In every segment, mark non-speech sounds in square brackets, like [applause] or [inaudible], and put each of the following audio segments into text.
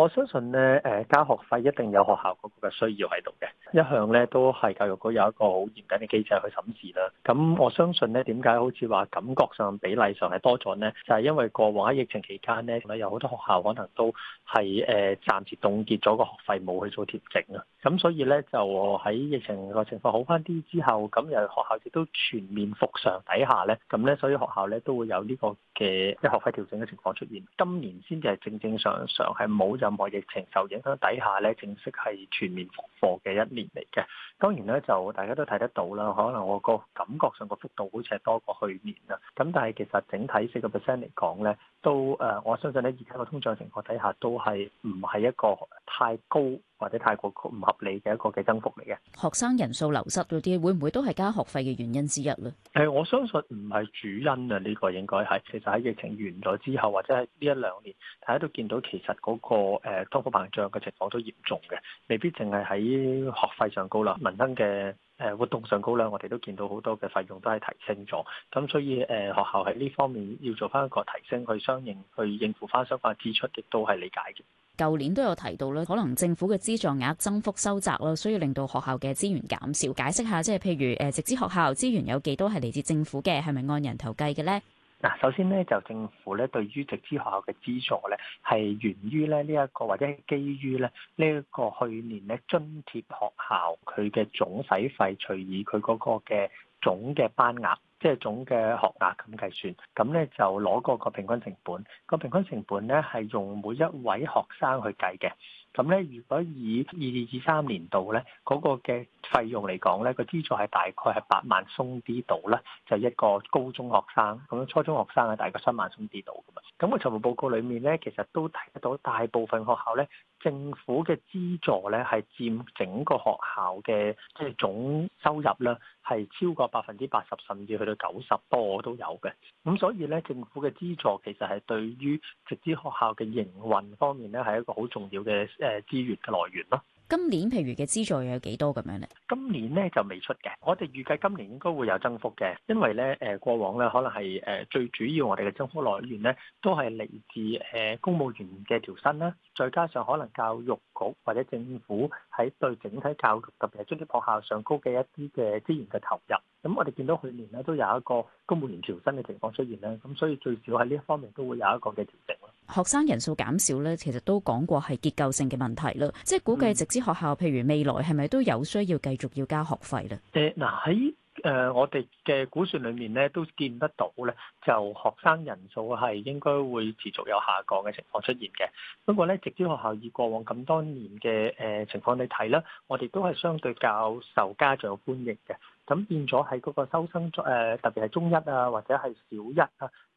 我相信咧，誒加學費一定有學校嗰個嘅需要喺度嘅，一向咧都係教育局有一個好嚴謹嘅機制去審視啦。咁我相信咧，點解好似話感覺上比例上係多咗呢？就係、是、因為過往喺疫情期間咧，有好多學校可能都係誒暫時凍結咗個學費，冇去做調整啊。咁所以咧就喺疫情個情況好翻啲之後，咁又學校亦都全面復常底下咧，咁咧所以學校咧都會有呢個嘅一學費調整嘅情況出現。今年先至係正正常常係冇就。任何疫情受影響底下咧，正式係全面復課嘅一年嚟嘅。當然咧，就大家都睇得到啦，可能我個感覺上個幅度好似係多過去年啦。咁但係其實整體四個 percent 嚟講咧，都誒，我相信咧，而家個通脹情況底下都係唔係一個太高或者太過唔合理嘅一個嘅增幅嚟嘅。學生人數流失嗰啲，會唔會都係加學費嘅原因之一咧？誒、欸，我相信唔係主因啊，呢、這個應該係其實喺疫情完咗之後，或者喺呢一兩年，大家都見到其實嗰、那個通貨膨脹嘅情況都嚴重嘅，未必淨係喺學費上高啦，民生嘅誒活動上高啦，我哋都見到好多嘅費用都係提升咗。咁所以誒、呃、學校喺呢方面要做翻一個提升，去相應去應付翻相關支出，亦都係理解嘅。舊年都有提到咧，可能政府嘅資助額增幅收窄啦，所以令到學校嘅資源減少。解釋下，即係譬如誒直資學校資源有幾多係嚟自政府嘅？係咪按人頭計嘅咧？嗱，首先咧就政府咧對於直資學校嘅資助咧係源於咧呢一個或者係基於咧呢一個去年咧津貼學校佢嘅總使費除以佢嗰個嘅總嘅班額。即係總嘅學額咁計算，咁咧就攞嗰個平均成本，個平均成本咧係用每一位學生去計嘅。咁咧，如果以二二二三年度咧嗰、嗰個嘅費用嚟講咧，個資助係大概係八萬鬆啲度啦，就一個高中學生，咁、嗰個、初中學生係大概三萬鬆啲度噶嘛。咁、嗰個財務報告裡面咧，其實都睇得到大部分學校咧，政府嘅資助咧係佔整個學校嘅即係總收入咧，係超過百分之八十，甚至去，九十多都有嘅，咁所以咧，政府嘅資助其實係對於直資學校嘅營運方面咧，係一個好重要嘅誒資源嘅來源咯。今年譬如嘅資助有幾多咁樣咧？今年咧就未出嘅，我哋預計今年應該會有增幅嘅，因為咧誒過往咧可能係誒、呃、最主要我哋嘅增幅來源咧都係嚟自誒、呃、公務員嘅調薪啦，再加上可能教育局或者政府喺對整體教育特別係中一學校上高嘅一啲嘅資源嘅投入，咁我哋見到去年咧都有一個公務員調薪嘅情況出現啦，咁所以最少喺呢一方面都會有一個嘅調整。學生人數減少咧，其實都講過係結構性嘅問題啦，即係估計直資學校，嗯、譬如未來係咪都有需要繼續要加學費咧？誒嗱喺誒我哋嘅估算裏面咧，都見得到咧，就學生人數係應該會持續有下降嘅情況出現嘅。不過咧，直資學校以過往咁多年嘅誒情況嚟睇啦，我哋都係相對較受家長歡迎嘅。咁變咗喺嗰個收生中誒，特別係中一啊，或者係小一啊，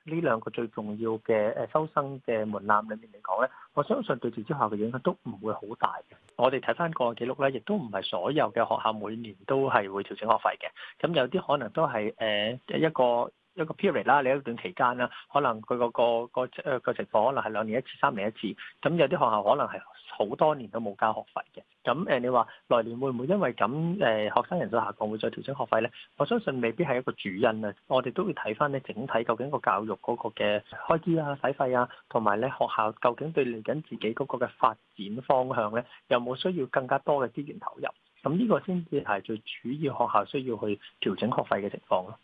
呢兩個最重要嘅誒收生嘅門檻裏面嚟講咧，我相信對住學校嘅影響都唔會好大嘅。 [noise] [noise] 我哋睇翻嗰個記錄咧，亦都唔係所有嘅學校每年都係會調整學費嘅。咁有啲可能都係誒一個一個 period 啦，你一段期間啦，可能佢嗰個個誒個情況可能係兩年一次、三年一次。咁有啲學校可能係好多年都冇交學費嘅。咁誒，你話來年會唔會因為咁誒學生人數下降，會再調整學費呢？我相信未必係一個主因啊！我哋都要睇翻咧整體究竟個教育嗰個嘅開支啊、使費啊，同埋咧學校究竟對嚟緊自己嗰個嘅發展方向呢，有冇需要更加多嘅資源投入？咁呢個先至係最主要學校需要去調整學費嘅情況咯。